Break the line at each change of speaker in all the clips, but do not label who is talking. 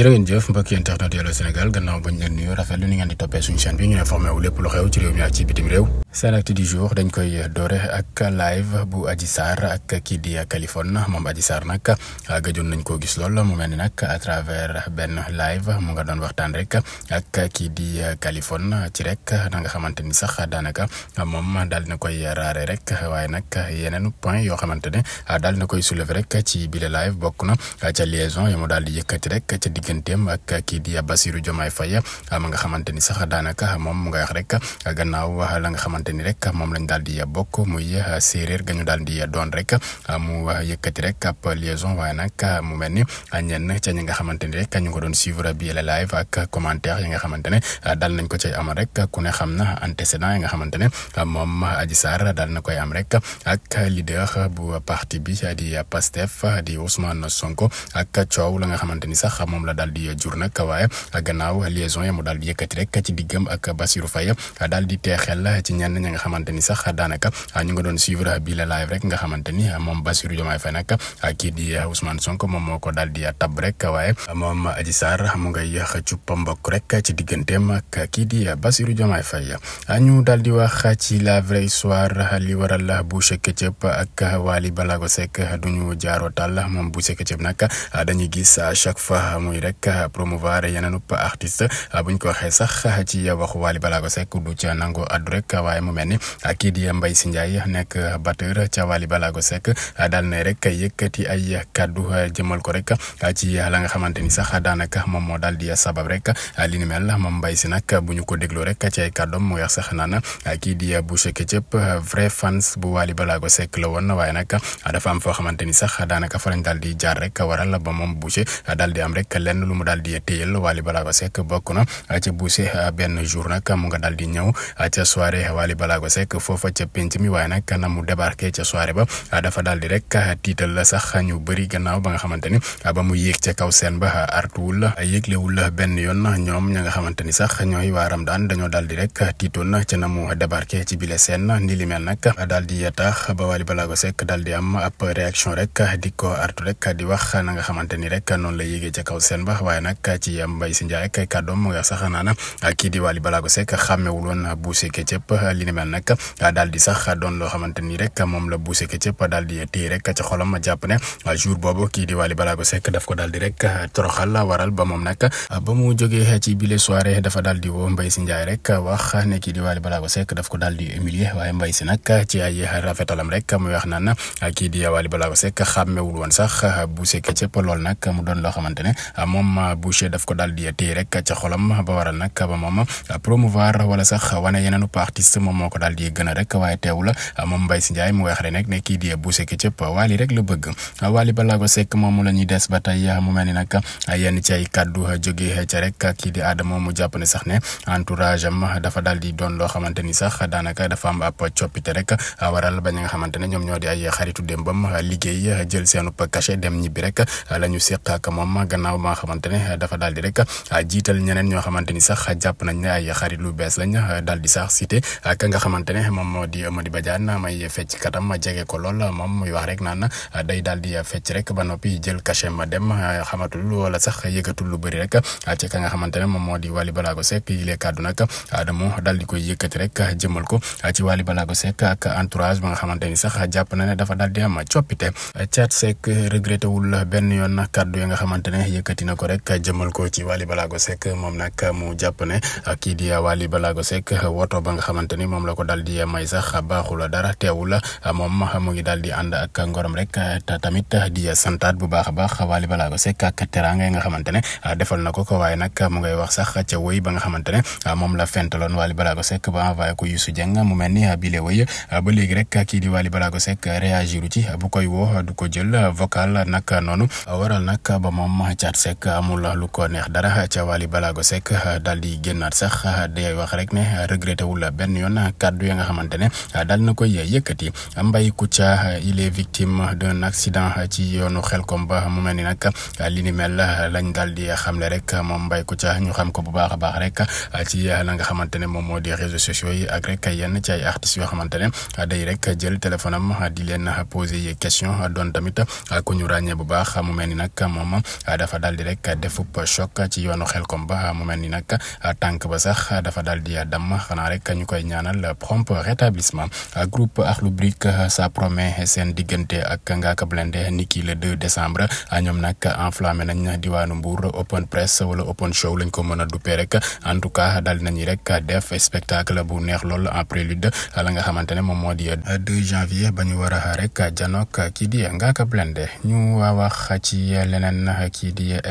jërëngeen jëf mbokki internet yàlla Sénégal gannaaw bañ leen nuyu rafet lu ni ngeen di toppee suñu chaîne bi ñu informé wu lépp lu xew ci réew mi ak ci bitim réew ak live bu Adji ak kii di Californie moom Adji Sarr nag ah, gëjoon nañ koo gis lool mu mel ni nag à travers benn live mu nga doon waxtaan rek ak kii di Californie ci rek na nga xamante ni sax daanaka moom daal dina koy raare rek waaye nag yeneen point yoo xamante ne daal dina koy soulever rek ci bile live bokk na ca liaison digganteem ak kii di Bassirou Diomaye Faye ma nga xamante ni sax daanaka moom mu nga wax rek gannaaw la nga xamante ni rek moom lañ daal di bokk muy séeréer gañu daal di doon rek mu yëkkati rek ab liaison waaye nag mu mel ni ñenn ca ñi nga xamante ni rek ñu ko doon suivre bi la live ak commentaire yi nga xamante ne daal nañ ko cay amal rek ku ne xam na antécédent yi nga xamante moom Adji Sarr daal na koy am rek ak leader bu parti bi di Pastef di Ousmane Sonko ak coow la nga xamante sax moom la daal di jur nag waaye gannaaw a ya mu daal di yëkkati rek ci diggam ak Bassirou Faye daal di teexel ci ñenn ñi nga xamante ni a daanaka ñu nga doon suivre bii la live rek nga xamante a moom Bassirou Diomaye Faye nag kii di Ousmane Sonko moom moo ko daal di tab rek waaye moom ak di Bassirou Diomaye Faye ñu daal di wax ci la vraie histoire li waral Boucher Ketchup ak Wally Balago Seck duñu jaaroo a moom Boucher Ketchup nag dañuy gis à chaque fois muy bi rek euh, promouvoir yeneen up artiste euh, buñ ko waxee sax ci waxu Wally Ballago Seck du ca nango addu rek waaye mu mel a euh, kii di Mbaye Sy Ndiaye nekk batteur ca Wally Ballago Seck daal na rek yëkkati ay kaddu jëmal ko rek ci la nga xamante ni sax daanaka moom moo daal di sabab rek li ni mel moom Mbaye Sy nag bu ñu ko dégloo rek ci ay kàddoom mu wax sax naan kii di Boucher Ketchup vrai fans bu Wally Ballago Seck la woon waaye nag dafa am foo xamante ni sax daanaka fa lañ daal di jaar rek waral ba moom Boucher daal di am rek lenn lu mu daal di téyal Wally Ballago bokk na ca buuse benn jour nag mu nga daal di a ca soirée Wally Ballago Seck foofa ca penc mi waaye nag na mu débarqué ca soirée ba dafa daal di rek tiital la sax ñu bëri gannaaw ba nga xamante ni ba mu yéeg ca kaw seen ba artuwul yéeglewul benn yoon ñoom ña nga xamante ni sax ñooy waa Ramadaan dañoo daal di rek tiitoon ca na mu débarqué ci bile seen ni li mel nag daal di tax ba Wally Ballago Seck daal di am ab réaction rek di ko artu rek di na nga xamante ni rek noonu la yéegee ca teen ba waaye nag ci Mbaye Sy Ndiaye ak kàddoom mu nga sax naan kii di Wally Ballago Seck xàmmewul woon Boucher Ketchup li ni mel nag daal di sax doon loo xamante ni rek moom la Boucher Ketchup daal di téye rek ci xolam jàpp ne jour boobu kii di a Ballago Seck daf ko daal di rek toroxal waral ba moom nag ba mu jógee ci bile soirée dafa daal di woo Mbaye Sy Ndiaye rek wax ne kii di Wally Ballago Seck daf ko daal di humilier waaye Mbaye Sy nag ci ay rafetalam rek muy wax naan kii di Wally Ballago Seck xàmmewul woon sax Boucher Ketchup loolu nag mu doon loo xamante ne moom ma ah, Boucher daf ko dal di téye rek ca xolam ba war waral nag ba moom ah, promouvoir wala sax wane yeneenu artiste moom moo ko daal di gën a rek waaye teewul ah, moom Mbaye Sy Ndiaye mu wax rek ne kii di Boucher Ketchup Wally rek la bëgg Wally Ballago Seck moom la ñuy des ba tey mu mel ni nag yenn ci ay kàddu jóge ca rek kii di Adama mu jàpp ne sax ne entourage am dafa daal di doon loo xamante ni sax daanaka dafa am ab coppite rek waral ba ñi nga xamante ne ñoom ñoo di ay xaritu démbam liggéey jël seenu cachet dem ñibbi rek la ñu seq ak moom gannaaw ma xamante ne dafa daal di rek ah, ni sax jàpp nañ ne ay xarit lu bees lañ ah, daal di sax cité ka nga xamante moo di Mody Badiane may fecc katam jege ko lool moom muy wax rek naan ah, ba noppi jël cachet ma dem xamatul wala sax yëkkatul lu bëri rek a ka nga xamante ne moom moo di Wally Ballago Seck yi lee kàddu nag damu daal di koy yëkkati rek jëmal ko ci Wally Ballago Seck nga xamante ni sax jàpp na ne dafa daal di am coppite Thiat Seck regretté wul benn yoon kàddu ya nga xamante ne na ko a jëmal ko ci Wally Ballago Seck moom nag mu a ne kii di Wally Ballago Seck woto ba nga xamante ni moom la ko daal di may sax baaxul dara teewul moom mu ngi daal di ànd ak ngorom rek te tamit di santaat bu baax a baax Wally Ballago Seck ak teraanga nga xamante ne defal na ko ko waaye nag mu ngay wax sax ca woy ba nga xamante ne moom la fentaloon Wally Ballago Seck ba envoyé ko Youssou Dieng mu mel a bile a ba léegi rek kii di Wally Ballago a réagiru ci bu koy woo du ko jël vocal nag noonu waral nag ba moom a Seck nag amul lu ko neex dara ca Wally Balago Seck daal di génnaat sax day wax rek ne regretté wul benn yoon kàddu ya nga xamante ne daal na koy yëkkati Mbaye Kouthia il est victime d'un accident ci yoonu Xelkom ba mu mel ni nag li ni mel lañ daal di xamle rek moom mbay ku ca ñu xam ko bu baax a baax rek ci na nga xamante ne moom moo di réseaux sociaux yi ak rek yenn ci ay artistes yoo xamante ne day rek jël téléphone am di leen poser question doon tamit ku ñu ràññee bu baax mu mel ni nag moom dafa daal di rek defub choc ci yoonu Xelkom ba mu mel ni nag tànk ba sax dafa daal di damm xanaa rek ñu koy ñaanal prompt rétablissement groupe Akhlou Brick ça promet seen diggante ak Ngaaka Blindé ni ki le 2 décembre ñoom nag enflammé nañ diwaanu Mbour open press wala open show lañ ko mën a duppee rek en tout cas daal nañu rek def spectacle bu neex lool en prélude la nga xamante moom moo di 2 janvier ba ñu a rek janook kii di Ngaaka Blindé ñu wax ci leneen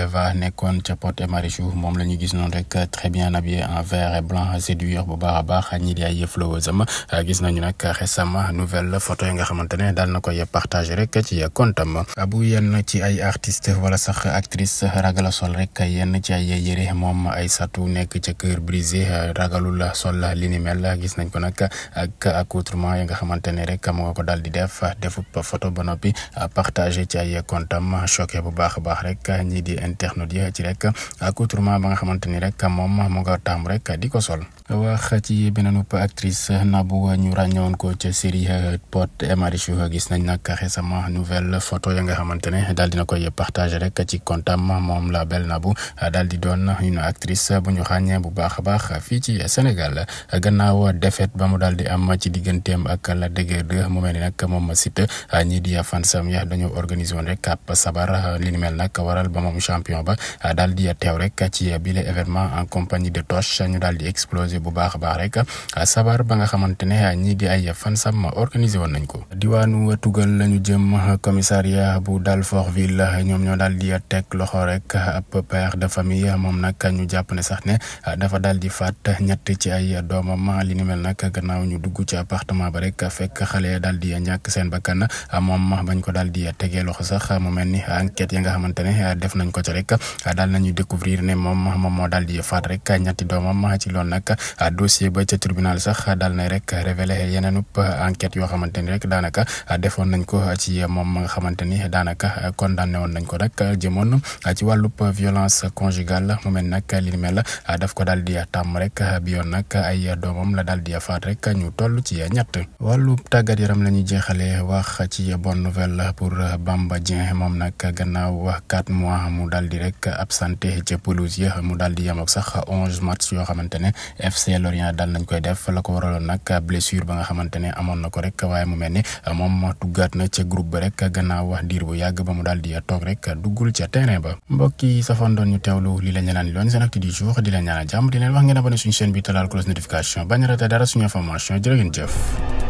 Eva nekkoon ca Pod et Marichou moom la ñu gis noonu rek euh, très bien habillé en vert a blanc séduire bu baax a baax ñi di ay followers am euh, gis nañu nag récemment nouvelle photo yi nga xamante ne daal na koy partagé rek ci compte am ay artiste nekk ca cœur brisé ragalul sol li ni mel gis nañ ko nag ak accoutrement yi nga xamante rek mu nga ko daal di def defut photo ba noppi partagé ci ay compte am choqué bu baax a baax rek internautes yi ci rek ak autrement ba nga xamante ni rek moom mu nga taamu rek di ko sol. wax ci beneen actrice Nabou ñu ràññewoon ko ca série Pod et Marichou gis nañ nag récemment nouvelle photo ya nga xamante ne daal dina koy partagé rek ci kontam moom la belle Nabou daal di doon une actrice bu ñu ràññee bu baax a baax fii ci Sénégal gannaaw défaite ba mu daal di am ci digganteem ak la dégg de mu mel ni nag moom Siteu ñii di fansam ya dañoo organisé woon rek ab sabar li ni mel waral ba moom champion ba daal di teew rek ci bile événement en compagnie ñu daal di explosé. fàttali bu baax a baax rek sabar ba nga xamante ne ñii di ay fan sam organisé woon nañ ko. diwaanu tugal lañu jëm commissariat bu Dalfortville ñoom ñoo daal di teg loxo rek ab père de famille moom nag ñu jàpp ne sax ne dafa daal di faat ñett ci ay doomam li ni mel nag gannaaw ñu dugg ci appartement ba rek fekk xale daal di ñàkk seen bakkan moom bañ ko daal di a tegee loxo sax mu mel ni enquête yi nga xamante ne def nañ ko ci rek daal nañu découvrir ne moom moom moo daal di faat rek ñetti doomam ci loolu nag dossier ba ca tribunal sax daal na rek révélé yeneen enquête yoo xamante ni rek daanaka defoon nañ ko ci moom ma nga xamante ni daanaka condamné woon nañ ko rek jëmoon ci wàllub violence conjugale mu mel nag li mel def ko daal di tàmm rek bi yoon nag ay doomam la daal di faat rek ñu toll ci ñett wàllub tàggat yaram la ñuy jeexalee wax ci bonne nouvelle pour Bamba Dieng moom nag gannaaw quatre mois mu daal di rek absenté ca pelouse mu daal di yem ak sax onze yoo xamante ne FC Lorient daal nañ koy def la ko waraloon nag blessure ba nga xamante ne amoon na ko rek waaye mu mel ni moom tuggaat na ca groupe ba rek gannaaw wax diir bu yàgg ba mu daal di toog rek duggul ca terrain ba mbokk yi safandoon ñu teewlu li la ñu naan loon seen acte du jour di la a jàmm di leen wax ngeen abonné suñu chaîne bi talaal notification bañ a raté dara suñu information jërë ngeen jëf.